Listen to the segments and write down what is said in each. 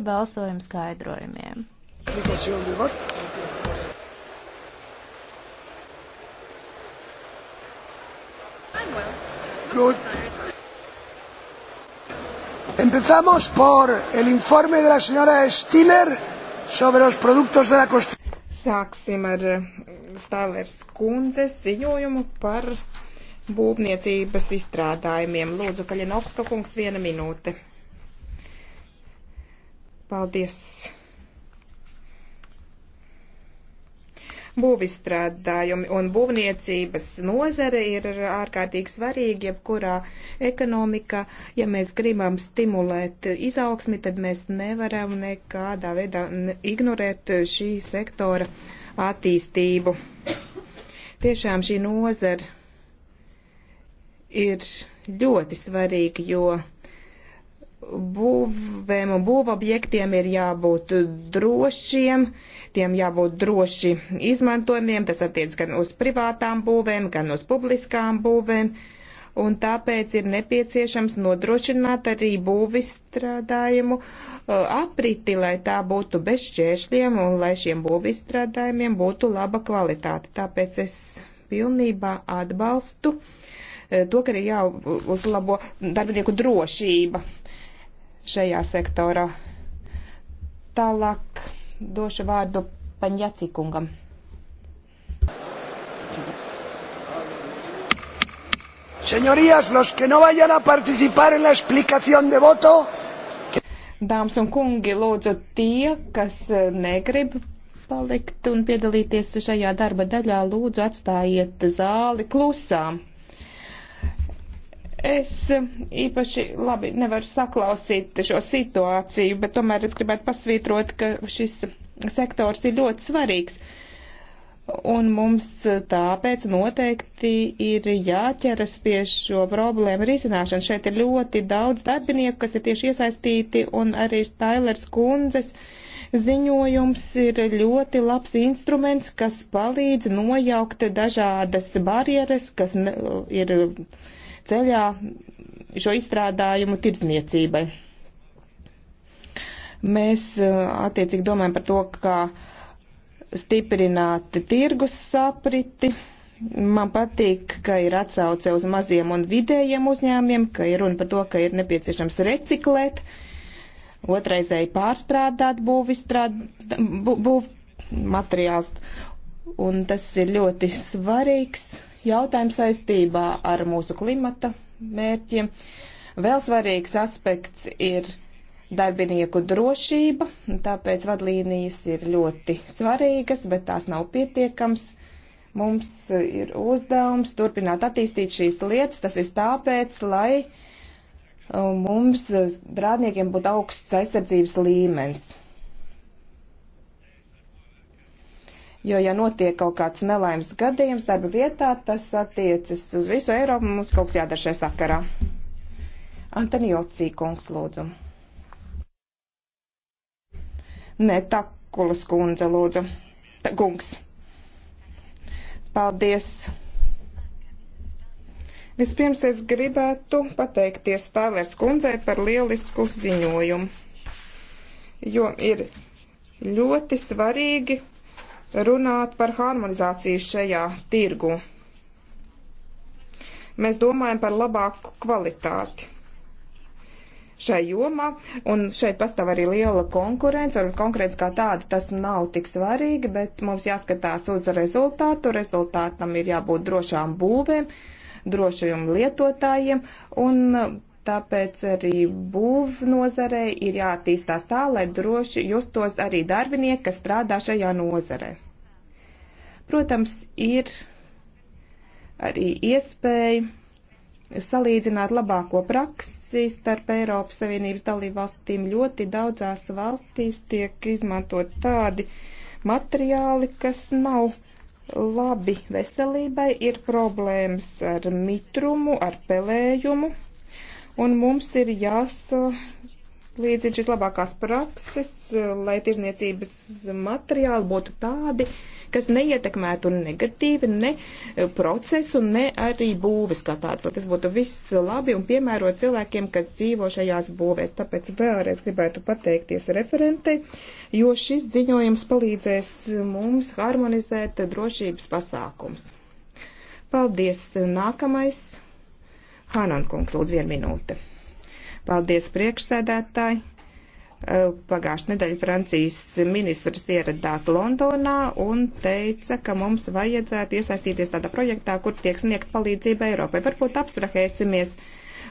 balsojumu skaidrojumiem. Good. Empezamos por el informe de la señora Stiller sobre los productos de la construcción. Sāksim ar eh, Stālers kundzes ziņojumu par būvniecības izstrādājumiem. Lūdzu, Kaļinovska kungs, viena minūte. Paldies! Būvistrādājumi un būvniecības nozare ir ārkārtīgi svarīgi jebkurā ekonomikā. Ja mēs gribam stimulēt izaugsmi, tad mēs nevaram nekādā veidā ignorēt šī sektora attīstību. Tiešām šī nozara ir ļoti svarīga, jo būvēm un būvobjektiem ir jābūt drošiem, tiem jābūt droši izmantojumiem, tas attiec gan uz privātām būvēm, gan uz publiskām būvēm, un tāpēc ir nepieciešams nodrošināt arī būvis strādājumu uh, apriti, lai tā būtu bez šķēršļiem un lai šiem būvis strādājumiem būtu laba kvalitāte. Tāpēc es pilnībā atbalstu uh, to, ka ir jāuzlabo darbinieku drošība šajā sektorā. Tālāk došu vārdu Paņjacikungam. Señorías, los que no vayan a participar en la explicación de voto. Dāmas un kungi, lūdzu tie, kas e, negrib palikt un piedalīties šajā darba daļā, lūdzu atstājiet zāli klusām. Es e, īpaši labi nevaru saklausīt šo situāciju, bet tomēr es gribētu pasvītrot, ka šis sektors ir ļoti svarīgs. Un mums tāpēc noteikti ir jāķeras pie šo problēmu risināšanas. Šeit ir ļoti daudz darbinieku, kas ir tieši iesaistīti, un arī Tailers kundzes ziņojums ir ļoti labs instruments, kas palīdz nojaukt dažādas barjeras, kas ir ceļā šo izstrādājumu tirdzniecībai. Mēs eh, attiecīgi domājam par to, kā stiprināt tirgus sapriti. Man patīk, ka ir atsauce uz maziem un vidējiem uzņēmiem, ka ir runa par to, ka ir nepieciešams reciklēt, otraizēji pārstrādāt būvistrād, būv materiāls. Un tas ir ļoti svarīgs jautājumu saistībā ar mūsu klimata mērķiem. Vēl svarīgs aspekts ir darbinieku drošība, tāpēc vadlīnijas ir ļoti svarīgas, bet tās nav pietiekams. Mums ir uzdevums turpināt attīstīt šīs lietas, tas ir tāpēc, lai uh, mums uh, strādniekiem būtu augsts aizsardzības līmenis. Jo, ja notiek kaut kāds nelaimes gadījums darba vietā, tas attiecas uz visu Eiropu, mums kaut kas jādara šajā sakarā. Antoniocī kungs, lūdzu. Nē, Takulas kundze, lūdzu. Ta, kungs. Paldies. Vispirms es gribētu pateikties Stālers kundzei par lielisku ziņojumu, jo ir ļoti svarīgi runāt par harmonizāciju šajā tirgu. Mēs domājam par labāku kvalitāti šai jomā, un šeit pastāv arī liela konkurence, un konkurence kā tāda tas nav tik svarīgi, bet mums jāskatās uz rezultātu, rezultātam ir jābūt drošām būvēm, drošajiem lietotājiem, un Tāpēc arī būvnozarei ir jātīstās tā, lai droši justos arī darbinieki, kas strādā šajā nozarē. Protams, ir arī iespēja salīdzināt labāko praksi starp Eiropas Savienības dalībvalstīm. Ļoti daudzās valstīs tiek izmantot tādi materiāli, kas nav labi veselībai, ir problēmas ar mitrumu, ar pelējumu un mums ir jāsalīdzina šīs labākās prakses, eh, lai tirzniecības materiāli būtu tādi, kas neietekmētu negatīvi ne eh, procesu, ne arī būvis kā tāds, lai tas būtu viss labi un piemērot cilvēkiem, kas dzīvo šajās būvēs. Tāpēc vēlreiz gribētu pateikties referentei, jo šis ziņojums palīdzēs mums harmonizēt drošības pasākums. Paldies! Nākamais Hanankungs, lūdzu, vienu minūte. Paldies priekšsēdētāji. Pagājušajā nedēļā Francijas ministrs ieradās Londonā un teica, ka mums vajadzētu iesaistīties tādā projektā, kur tiek sniegt palīdzība Eiropai. Varbūt abstrahēsimies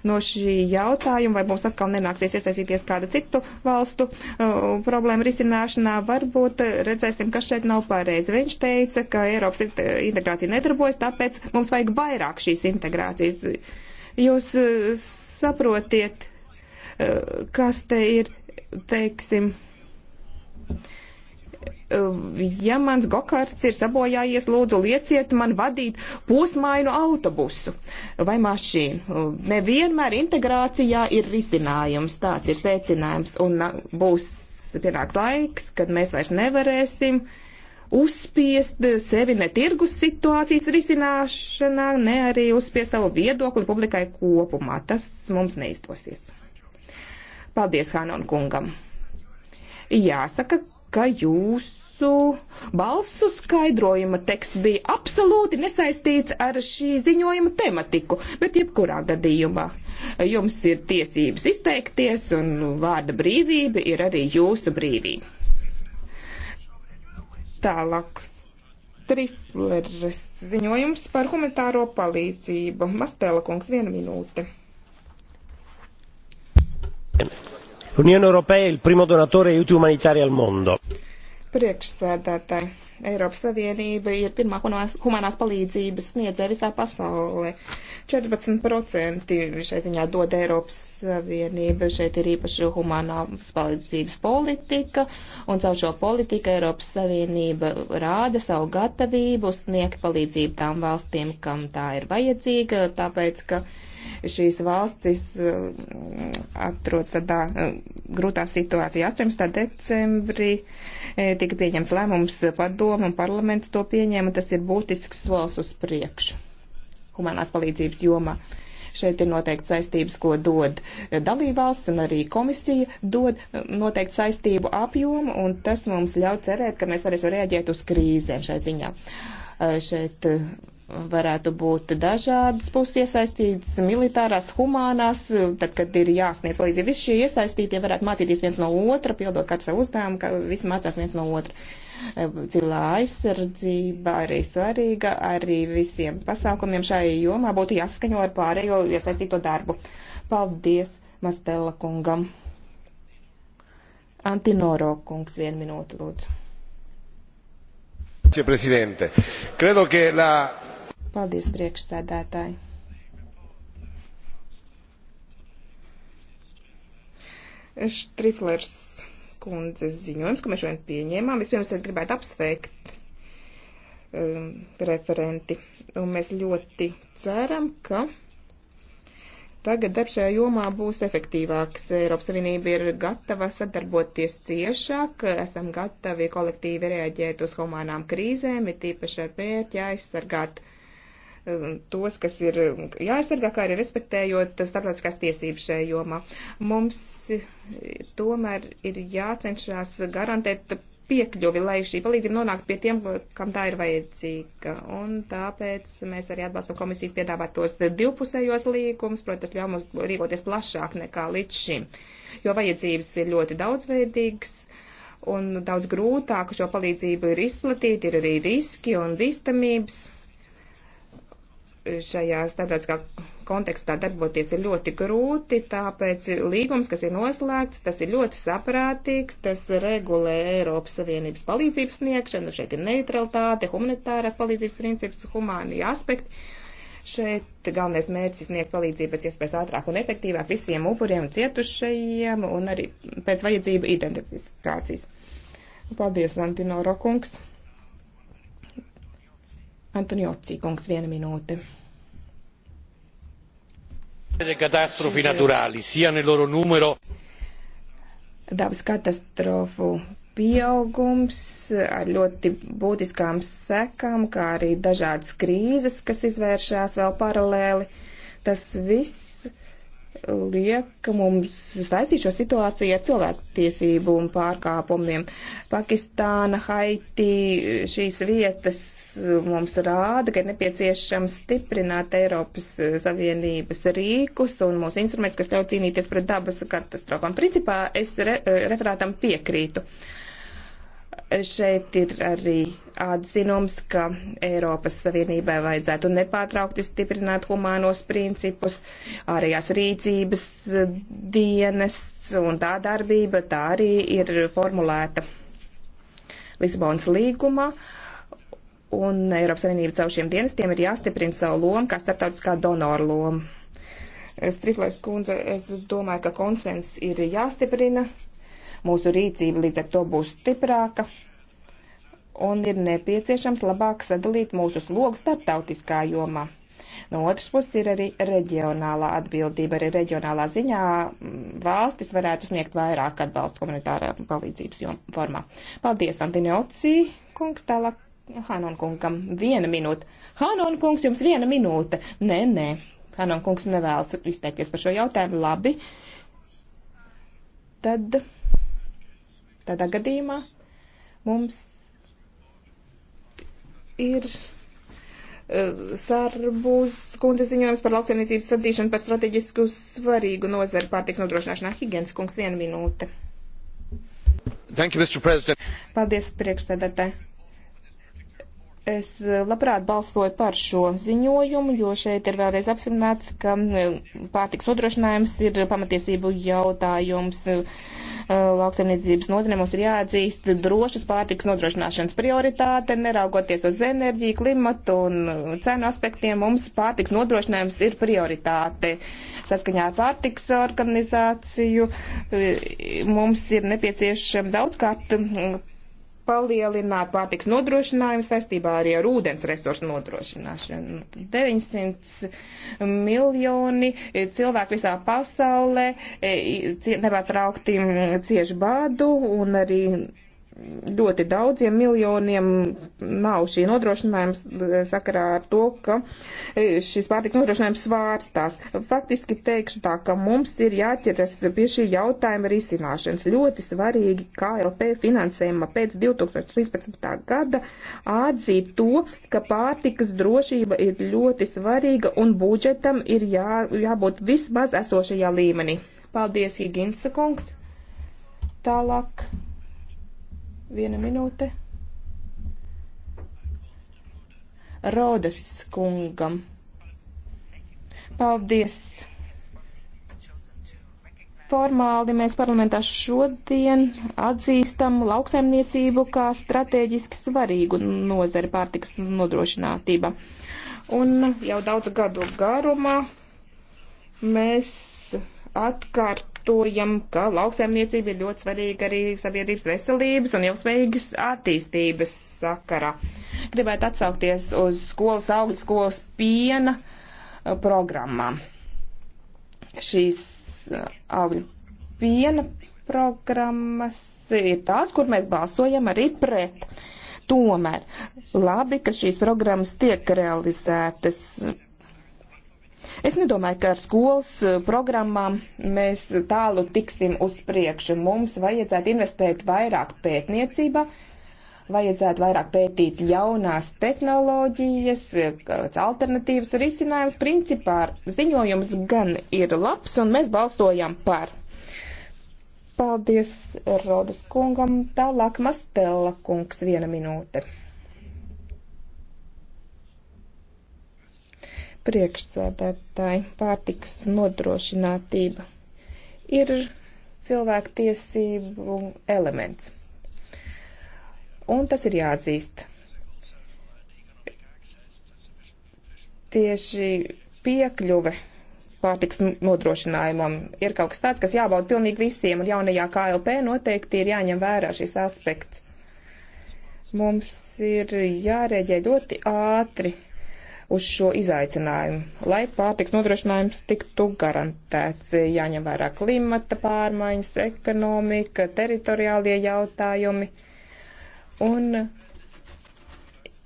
no šī jautājuma, vai mums atkal nenāksies iesaistīties kādu citu valstu uh, problēmu risināšanā. Varbūt redzēsim, kas šeit nav pareizi. Viņš teica, ka Eiropas integrācija nedarbojas, tāpēc mums vajag vairāk šīs integrācijas. Jūs eh, saprotiet, eh, kas te ir, teiksim, eh, ja mans gokarts ir sabojājies, lūdzu, lieciet man vadīt posmainu autobusu vai mašīnu. Nevienmēr integrācijā ir risinājums, tāds ir secinājums, un būs pienāks laiks, kad mēs vairs nevarēsim uh, uzspiest sevi ne tirgus situācijas risināšanā, ne arī uzspiest savu viedokli publikai kopumā. Tas mums neizdosies. Paldies Hanon kungam. Jāsaka, ka jūsu balsu skaidrojuma teksts bija absolūti nesaistīts ar šī ziņojuma tematiku, bet jebkurā gadījumā jums ir tiesības izteikties un vārda brīvība ir arī jūsu brīvība. Tālāk Strifleres ziņojums par humanitāro palīdzību. Mastēla kungs, viena minūte. L'Unione Europea è il primo donatore di aiuti umanitari al mondo. Priekšsēdētāji. Eiropas Savienība ir pirmā humanās palīdzības sniedzē visā pasaulē. 14% šai ziņā dod Eiropas Savienība. Šeit ir īpaši humanās palīdzības politika, un caur šo politiku Eiropas Savienība rāda savu gatavību sniegt palīdzību tām valstīm, kam tā ir vajadzīga, tāpēc, ka. Uh, šīs valstis eh, atrodas tādā eh, grūtā situācijā. 18. decembrī eh, tika pieņemts lēmums padomu un parlaments to pieņēma. Tas ir būtisks solis uz priekšu humanās palīdzības jomā. Šeit ir noteikti saistības, ko dod dalībvalsts un arī komisija dod noteikti saistību apjomu, un tas mums ļauj cerēt, ka mēs varēsim rēģēt uz krīzēm šai ziņā. Šeit varētu būt dažādas puses iesaistītas, militārās, humānās, tad, kad ir jāsniedz palīdzība, visi šie iesaistītie varētu mācīties viens no otra, pildot katru savu uzdevumu, ka visi mācās viens no otra. E, Cilvē aizsardzība arī svarīga, arī visiem pasākumiem šai jomā būtu jāsaskaņo ar pārējo iesaistīto darbu. Paldies Mastela kungam. Antinoro kungs, vienu minūti lūdzu. Grazie Presidente. Credo che la Paldies, priekšsēdētāji! Štriflers kundzes ziņojums, ko mēs šodien pieņēmām. Vispirms es gribētu apsveikt um, referenti. Un mēs ļoti ceram, ka tagad darbs šajā jomā būs efektīvāks. Eiropas Savienība ir gatava sadarboties ciešāk, esam gatavi kolektīvi reaģēt uz humānām krīzēm, ir tīpaši ar mērķi aizsargāt. Ja tos, kas ir jāaizsargā, kā arī respektējot starptautiskās tiesības šajā jomā. Mums tomēr ir jācenšas garantēt piekļuvi, lai šī palīdzība nonāktu pie tiem, kam tā ir vajadzīga. Un tāpēc mēs arī atbalstam komisijas piedāvātos divpusējos līgumus, protams, tas ļauj mums rīkoties plašāk nekā līdz šim, jo vajadzības ir ļoti daudzveidīgas. Un daudz grūtāk šo palīdzību ir izplatīt, ir arī riski un bīstamības šajā starptautiskā kontekstā darboties ir ļoti grūti, tāpēc līgums, kas ir noslēgts, tas ir ļoti saprātīgs, tas regulē Eiropas Savienības palīdzības sniegšanu, šeit ir neutralitāte, humanitārās palīdzības princips, humāni aspekti. Šeit galvenais mērķis sniegt palīdzību pēc iespējas ātrāk un efektīvāk visiem upuriem un cietušajiem un arī pēc vajadzību identifikācijas. Paldies, Antino Rokungs! Antoniocī kungs, viena minūte. Katastrofi naturāli, sienu loro numero. Dabas katastrofu pieaugums ar ļoti būtiskām sekām, kā arī dažādas krīzes, kas izvēršās vēl paralēli. Tas viss liek mums saistīt šo situāciju ar cilvēktiesību un pārkāpumiem. Pakistāna, Haiti, šīs vietas mums rāda, ka ir nepieciešams stiprināt Eiropas Savienības rīkus un mūsu instruments, kas ļauj cīnīties pret dabas katastrofām. Principā es re referātam piekrītu. Uh, šeit ir arī atzinums, ka Eiropas Savienībai vajadzētu nepārtraukti stiprināt humānos principus, ārējās rīcības dienas un tā darbība, tā arī ir formulēta Lisbonas līgumā. Un Eiropas Savienība caur šiem dienestiem ir jāstiprina savu lomu kā starptautiskā donora loma. Striflers kundze, es domāju, ka konsens ir jāstiprina Mūsu rīcība līdz ar to būs stiprāka un ir nepieciešams labāk sadalīt mūsu slogu starptautiskā jomā. No otras puses ir arī reģionālā atbildība. Arī reģionālā ziņā valstis varētu sniegt vairāk atbalstu komunitārā palīdzības formā. Paldies, Antinioci, kungs, tālāk Hanon kungam. Viena minūte. Hanon kungs, jums viena minūte. Nē, nē. Hanon kungs nevēlas izteikties par šo jautājumu. Labi. Tad. Tādā gadījumā mums ir eh, Sarbūs kundze ziņojums par lauksaimniecības sadzīšanu par strateģisku svarīgu nozaru pārtiks nodrošināšanā. Higens kungs, viena minūte. Thank you, Mr. President. Paldies, priekšstādātāji. Es eh, labprāt balsoju par šo ziņojumu, jo šeit ir vēlreiz apsimnāts, ka eh, pārtiks nodrošinājums ir pamatiesību jautājums. Uh, Eh, lauksaimniecības nozare mums ir jāatzīst drošas pārtikas nodrošināšanas prioritāte, neraugoties uz enerģiju, klimatu un eh, cenu aspektiem, mums pārtikas nodrošinājums ir prioritāte. Saskaņā ar pārtikas organizāciju eh, mums ir nepieciešams daudzkārt mm, palielināt pārtiks nodrošinājumu saistībā arī ar ūdens resursu nodrošināšanu. 900 miljoni cilvēku visā pasaulē e, nepārtraukti cieši bādu un arī ļoti daudziem miljoniem nav šī nodrošinājuma e, sakarā ar to, ka e, šis pārtika nodrošinājums svārstās. Faktiski teikšu tā, ka mums ir jāķeras pie šī jautājuma risināšanas. Ļoti svarīgi KLP finansējuma pēc 2013. gada atzīt to, ka pārtikas drošība ir ļoti svarīga un budžetam ir jā, jābūt vismaz esošajā līmenī. Paldies, Higinsa kungs. Tālāk. Viena minūte. Rodas kungam. Paldies! Formāli mēs parlamentā šodien atzīstam lauksaimniecību kā strateģiski svarīgu nozari pārtiks nodrošinātība. Un jau daudz gadu garumā mēs atkārt akceptojam, ka lauksaimniecība ir ļoti svarīga arī sabiedrības veselības un ilgspējīgas attīstības sakarā. Gribētu atsaukties uz skolas augļu skolas piena uh, programmām. Šīs uh, augļu piena programmas ir tās, kur mēs balsojam arī pret. Tomēr labi, ka šīs programmas tiek realizētas Es nedomāju, ka ar skolas eh, programmām mēs tālu tiksim uz priekšu. Mums vajadzētu investēt vairāk pētniecībā, vajadzētu vairāk pētīt jaunās tehnoloģijas, eh, kāds alternatīvas risinājums. Principā ziņojums gan ir labs, un mēs balsojam par. Paldies Rodas kungam. Tālāk Mastella kungs viena minūte. priekšsēdētāji, pārtiks nodrošinātība ir cilvēktiesību elements. Un tas ir jāatzīst. Tieši piekļuve pārtiks nodrošinājumam ir kaut kas tāds, kas jābauda pilnīgi visiem, un jaunajā KLP noteikti ir jāņem vērā šis aspekts. Mums ir jārēģē ļoti ātri uz šo izaicinājumu, lai pārtiks nodrošinājums tiktu garantēts. Jāņem vērā klimata pārmaiņas, ekonomika, teritoriālie jautājumi un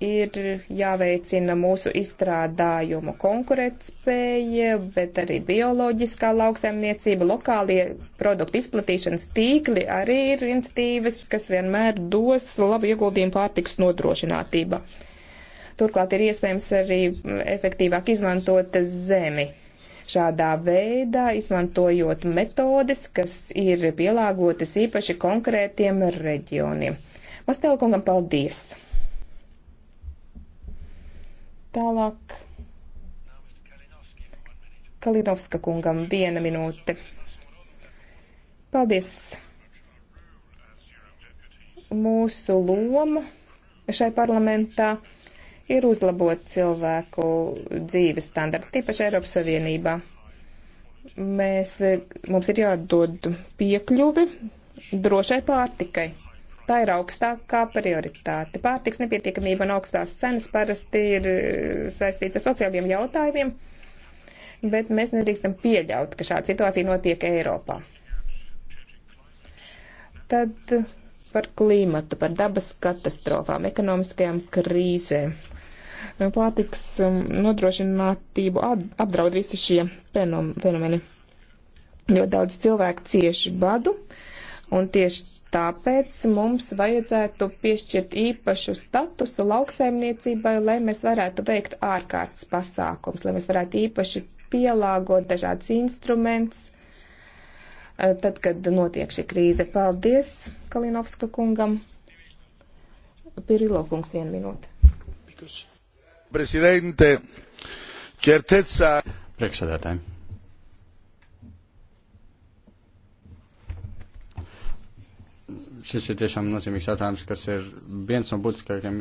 ir jāveicina mūsu izstrādājumu konkurētspēja, bet arī bioloģiskā lauksaimniecība, lokālie produktu izplatīšanas tīkli arī ir institīvas, kas vienmēr dos labu ieguldījumu pārtiks nodrošinātība. Turklāt ir iespējams arī efektīvāk izmantot zemi. Šādā veidā, izmantojot metodes, kas ir pielāgotas īpaši konkrētiem reģioniem. Mastelkungam paldies! Tālāk. Kalinovska kungam viena minūte. Paldies! Mūsu loma šai parlamentā ir uzlabot cilvēku dzīves standartu, tīpaši Eiropas Savienībā. Mēs, mums ir jādod piekļuvi drošai pārtikai. Tā ir augstākā prioritāte. Pārtiks nepietiekamība un augstās cenas parasti ir eh, saistīts ar sociāliem jautājumiem, bet mēs nedrīkstam pieļaut, ka šāda situācija notiek Eiropā. Tad par klimatu, par dabas katastrofām, ekonomiskajām krīzēm pārtiks um, nodrošinātību apdraud visi šie fenomeni. Ļoti daudz cilvēku cieši badu, un tieši tāpēc mums vajadzētu piešķirt īpašu statusu lauksaimniecībai, lai mēs varētu veikt ārkārtas pasākums, lai mēs varētu īpaši pielāgot dažādas instruments, eh, tad, kad notiek šī krīze. Paldies Kalinovska kungam. Pirilo kungs, vienu minūti. Because... Prezidente, certezza. Priekšsēdētāji. Šis ir tiešām nozīmīgs jautājums, kas ir viens no būtiskākajiem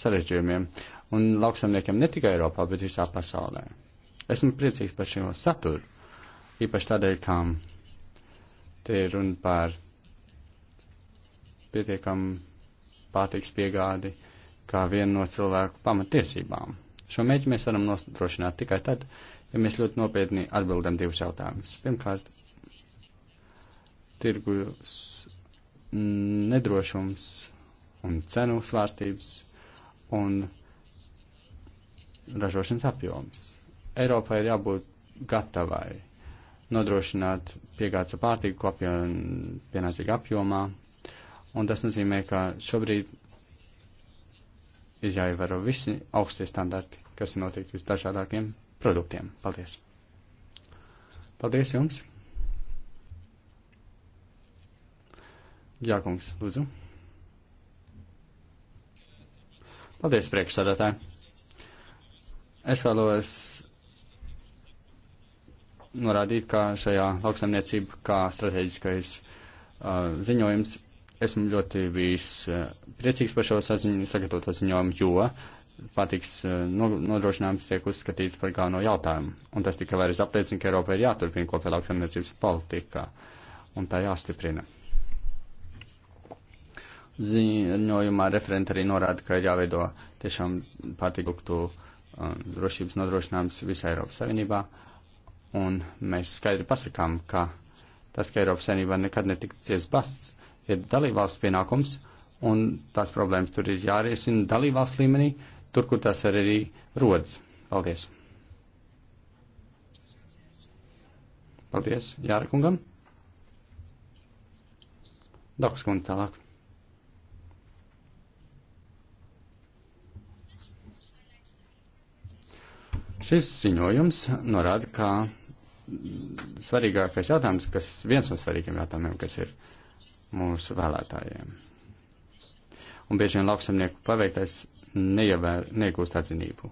sarežģījumiem un lauksamniekiem ne tikai Eiropā, bet visā pasaulē. Esmu priecīgs par šo saturu, īpaši tādēļ, ka te ir runa par pietiekam pārtiks piegādi, uh, kā vienu no cilvēku pamatiesībām. Šo mērķi mēs varam nostrošināt tikai tad, ja mēs ļoti nopietni atbildam divus jautājumus. Pirmkārt, tirgus nedrošums un cenu svārstības un ražošanas apjoms. Eiropai ir jābūt gatavai nodrošināt piegādes ar pārtiku pienācīgā apjomā, un tas nozīmē, ka šobrīd ir jāievēro visi augstie standarti, kas ir noteikti visdažādākiem produktiem. Paldies! Paldies jums! Jākungs, lūdzu! Paldies, priekšsādātāji! Es vēlos norādīt, ka šajā lauksaimniecība kā strateģiskais uh, ziņojums esmu ļoti bijis eh, priecīgs par šo saziņu, sagatavoto ziņojumu, jo patiks eh, nodrošinājums tiek uzskatīts par galveno jautājumu. Un tas tikai vairs apliecina, ka Eiropai ir jāturpina kopējā lauksaimniecības politikā un tā jāstiprina. Ziņojumā referenta arī norāda, ka ir jāveido tiešām pārtikuktu um, drošības nodrošinājums visā Eiropas Savienībā. Un mēs skaidri pasakām, ka tas, ka Eiropas Savienībā nekad netika ciest basts, ir dalībvalsts pienākums, un tās problēmas tur ir jāriesina dalībvalsts līmenī, tur, kur tas arī rodas. Paldies! Paldies Jārakungam! Doks kundze tālāk. Šis ziņojums norāda, ka svarīgākais jautājums, kas viens no svarīgiem jautājumiem, kas ir uh, mūsu vēlētājiem. Un bieži vien lauksamnieku paveiktais neievēr, negūst atzinību.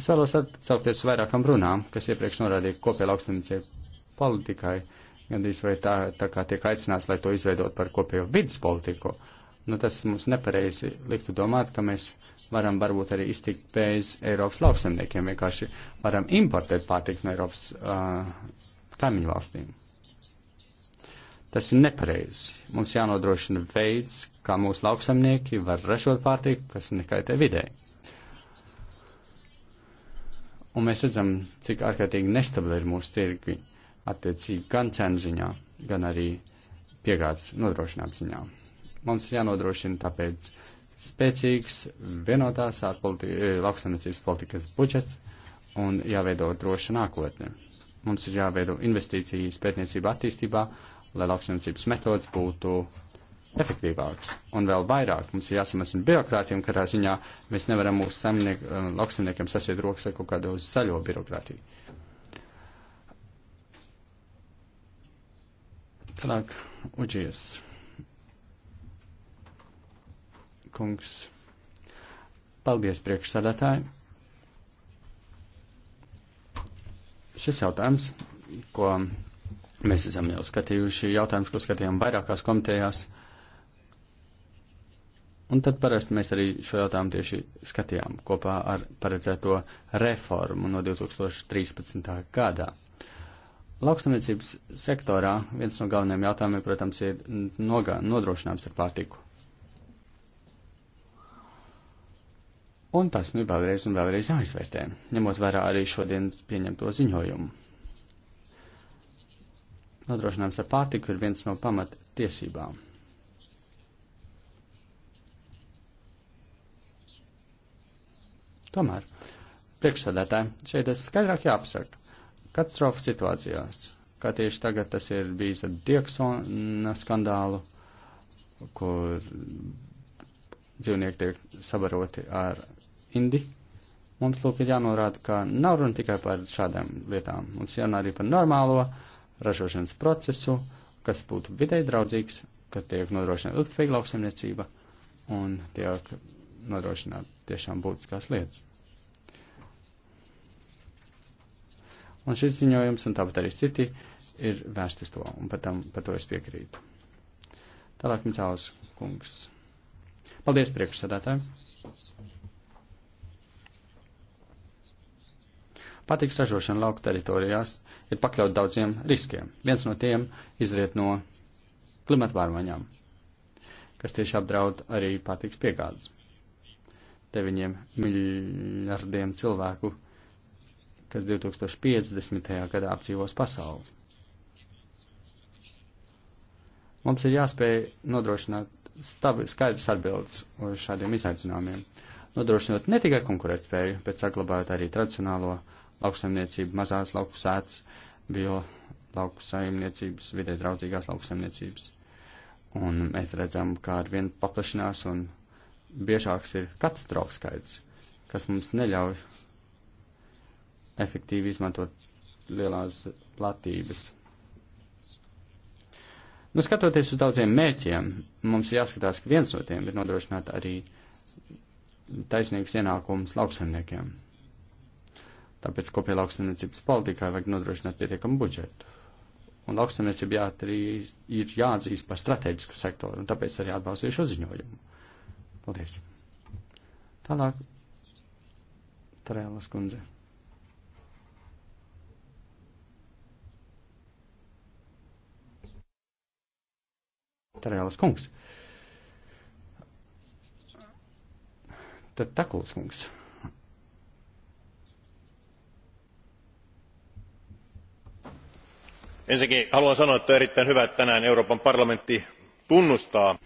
Es vēlos atsaukties uz vairākam runām, kas iepriekš norādīja kopēja lauksamniecību politikai, gandrīz vai tā, tā kā tiek aicināts, lai to izveidot par kopējo vidas politiku. Nu, tas mums nepareizi liktu domāt, ka mēs varam varbūt arī iztikt bez Eiropas lauksamniekiem, vienkārši varam importēt pārtiku no Eiropas uh, kaimiņu valstīm. Tas ir nepareizi. Mums jānodrošina veids, kā mūsu lauksamnieki var ražot pārtiku, kas nekaitē vidē. Un mēs redzam, cik ārkārtīgi nestabili ir mūsu tirgi, attiecīgi gan cenu ziņā, gan arī piegādes nodrošināt ziņā. Mums jānodrošina tāpēc spēcīgs vienotās eh, lauksamniecības politikas budžets un jāveido droša nākotne. Mums ir jāveido investīcijas pētniecība attīstībā lai lauksaimniecības metodas būtu efektīvāks. Un vēl vairāk mums ir jāsamazina birokrātiem, kādā ziņā mēs nevaram mūsu samniek, eh, lauksaimniekiem sasiet rokas ar kaut kādu zaļo birokrātiju. Tālāk, Uģies. Kungs. Paldies priekšsādātāji. Šis jautājums, ko Mēs esam jau skatījuši jautājumus, ko skatījām vairākās komitejās. Un tad parasti mēs arī šo jautājumu tieši skatījām kopā ar paredzēto reformu no 2013. gadā. Lauksamniecības sektorā viens no galvenajiem jautājumiem, protams, ir nogā, nodrošinājums ar pārtiku. Un tas nu vēlreiz un vēlreiz jāizvērtē, ņemot vērā arī šodien pieņemto ziņojumu. Nodrošinājums ar pārtiku ir viens no pamat tiesībām. Tomēr, priekšsādātāji, šeit es skaidrāk jāpasaka, katastrofa situācijās, kā tieši tagad tas ir bijis ar dioksona skandālu, kur dzīvnieki tiek sabaroti ar indi. Mums lūk ir jānorāda, ka nav runa tikai par šādām lietām. Mums jārunā arī par normālo uh, ražošanas procesu, kas būtu videi draudzīgs, ka tiek nodrošināta ilgspējīga lauksaimniecība un tiek nodrošināta tiešām būtiskās lietas. Un šis ziņojums, un tāpat arī citi, ir vērsti uz to, un par, tam, par to es piekrītu. Tālāk Micāls kungs. Paldies priekšsēdētājiem! Patiks ražošana lauka teritorijās ir pakļaut daudziem riskiem. Viens no tiem izriet no klimata pārmaiņām, kas tieši apdraud arī patiks piegādes. 9 miljardiem cilvēku, kas 2050. gadā apdzīvos pasauli. Mums ir jāspēj nodrošināt skaidrs atbildes uz šādiem izaicinājumiem, nodrošinot ne tikai konkurētspēju, bet saglabājot arī tradicionālo uh, lauksaimniecību, mazās laukusētas, bio lauksaimniecības, vidē draudzīgās lauksaimniecības. Un mēs redzam, ka ar vienu paplašinās un biežāks ir katastrofu skaits, kas mums neļauj efektīvi izmantot lielās platības. Nu, skatoties uz daudziem mērķiem, mums jāskatās, ka viens no tiem ir nodrošināt arī taisnīgs ienākums lauksaimniekiem. Tāpēc kopējā lauksaimniecības politikā vajag nodrošināt pietiekamu budžetu. Un lauksaimniecība jāatrīz, ir jāatzīst par strateģisku sektoru, un tāpēc arī atbalstīju šo ziņojumu. Paldies. Tālāk. Tarēlas kundze. Tarēlas kungs. Tad takuls kungs. ensinnäkin haluan sanoa että on erittäin hyvä että tänään euroopan parlamentti tunnustaa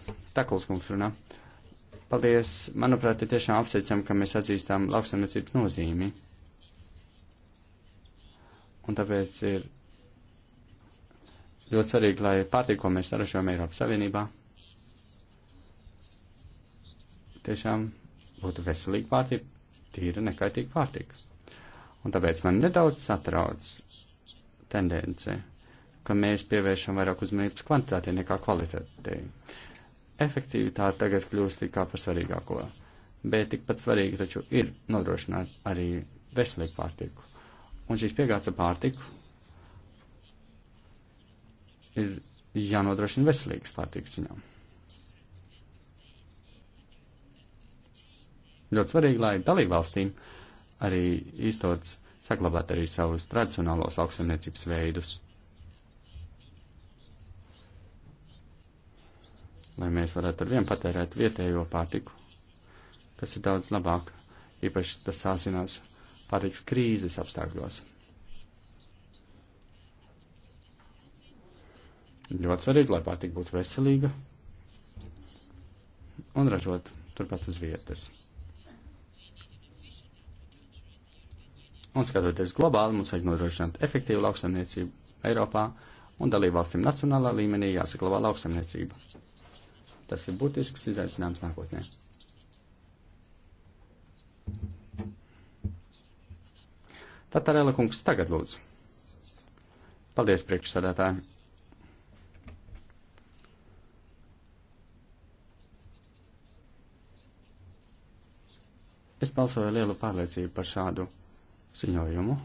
Paldies! Manuprāt, ir tiešām apsveicam, ka mēs atzīstam lauksaimniecības nozīmi. Un tāpēc ir ļoti svarīgi, lai pārtika, ko mēs saražojam Eiropas Savienībā, tiešām būtu veselīga pārtika, tīra nekaitīga pārtika. Un tāpēc man nedaudz satrauc tendence ka mēs pievēršam vairāk uzmanības kvantitātei nekā kvalitātei. Efektivitāte tagad kļūst tikai par svarīgāko, bet tikpat svarīgi taču ir nodrošināt arī veselīgu pārtiku. Un šīs piegādes ar pārtiku ir jānodrošina veselīgas pārtikas viņām. Ļoti svarīgi, lai dalībvalstīm arī īstots saglabāt arī savus tradicionālos lauksaimniecības veidus. lai mēs varētu ar vienu patērēt vietējo pārtiku, kas ir daudz labāk, īpaši tas sāsinās pārtiks krīzes apstākļos. Ļoti svarīgi, lai pārtika būtu veselīga un ražot turpat uz vietas. Un skatoties globāli, mums vajag nodrošināt efektīvu lauksaimniecību Eiropā un dalībvalstīm nacionālā līmenī jāsaklabā lauksaimniecība. Tas ir būtisks izaicinājums nākotnē. Tatarēla kungs tagad lūdzu. Paldies, priekšsādātāji. Es balsoju lielu pārliecību par šādu ziņojumu.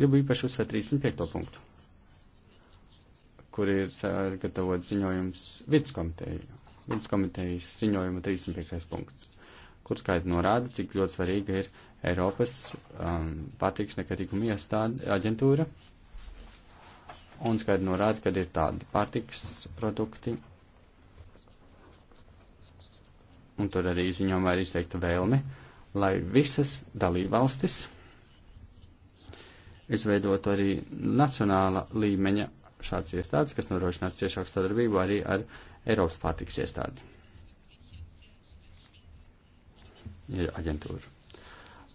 Gribu īpaši uzsvērt 35. punktu kur ir sagatavot ziņojums vidskomiteju, vidskomitejas ziņojuma 35. punkts, kur skaidri norāda, cik ļoti svarīga ir Eiropas um, patiks nekatīguma iestāde aģentūra, un skaidri norāda, kad ir tādi patiks produkti, un tur arī ziņojumā ir izteikta vēlme, lai visas dalībvalstis izveidot arī nacionāla līmeņa šādas iestādes, kas nodrošinātu ciešāku sadarbību arī ar Eiropas pārtiks iestādi. Ir aģentūra.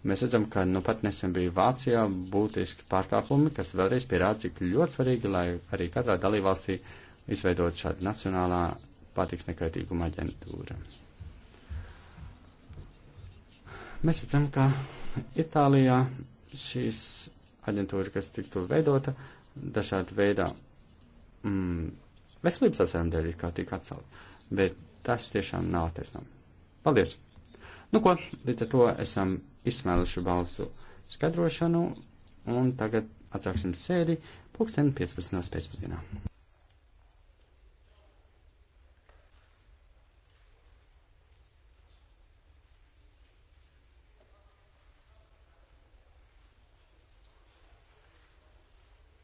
Mēs redzam, ka nu pat nesen bija Vācijā būtiski pārkāpumi, kas vēlreiz pierāda, cik ļoti svarīgi, lai arī katrā dalībvalstī izveidot šādu nacionālā pārtiks nekaitīguma aģentūra. Mēs redzam, ka Itālijā šīs aģentūra, kas tiktu veidota, dažādi veidā mm, veselības atcerām dēļ ir kā tika atcelt, bet tas tiešām nav taisnām. Paldies! Nu ko, līdz ar to esam izsmēluši balsu skaidrošanu, un tagad atsāksim sēdi pulksten 15.15.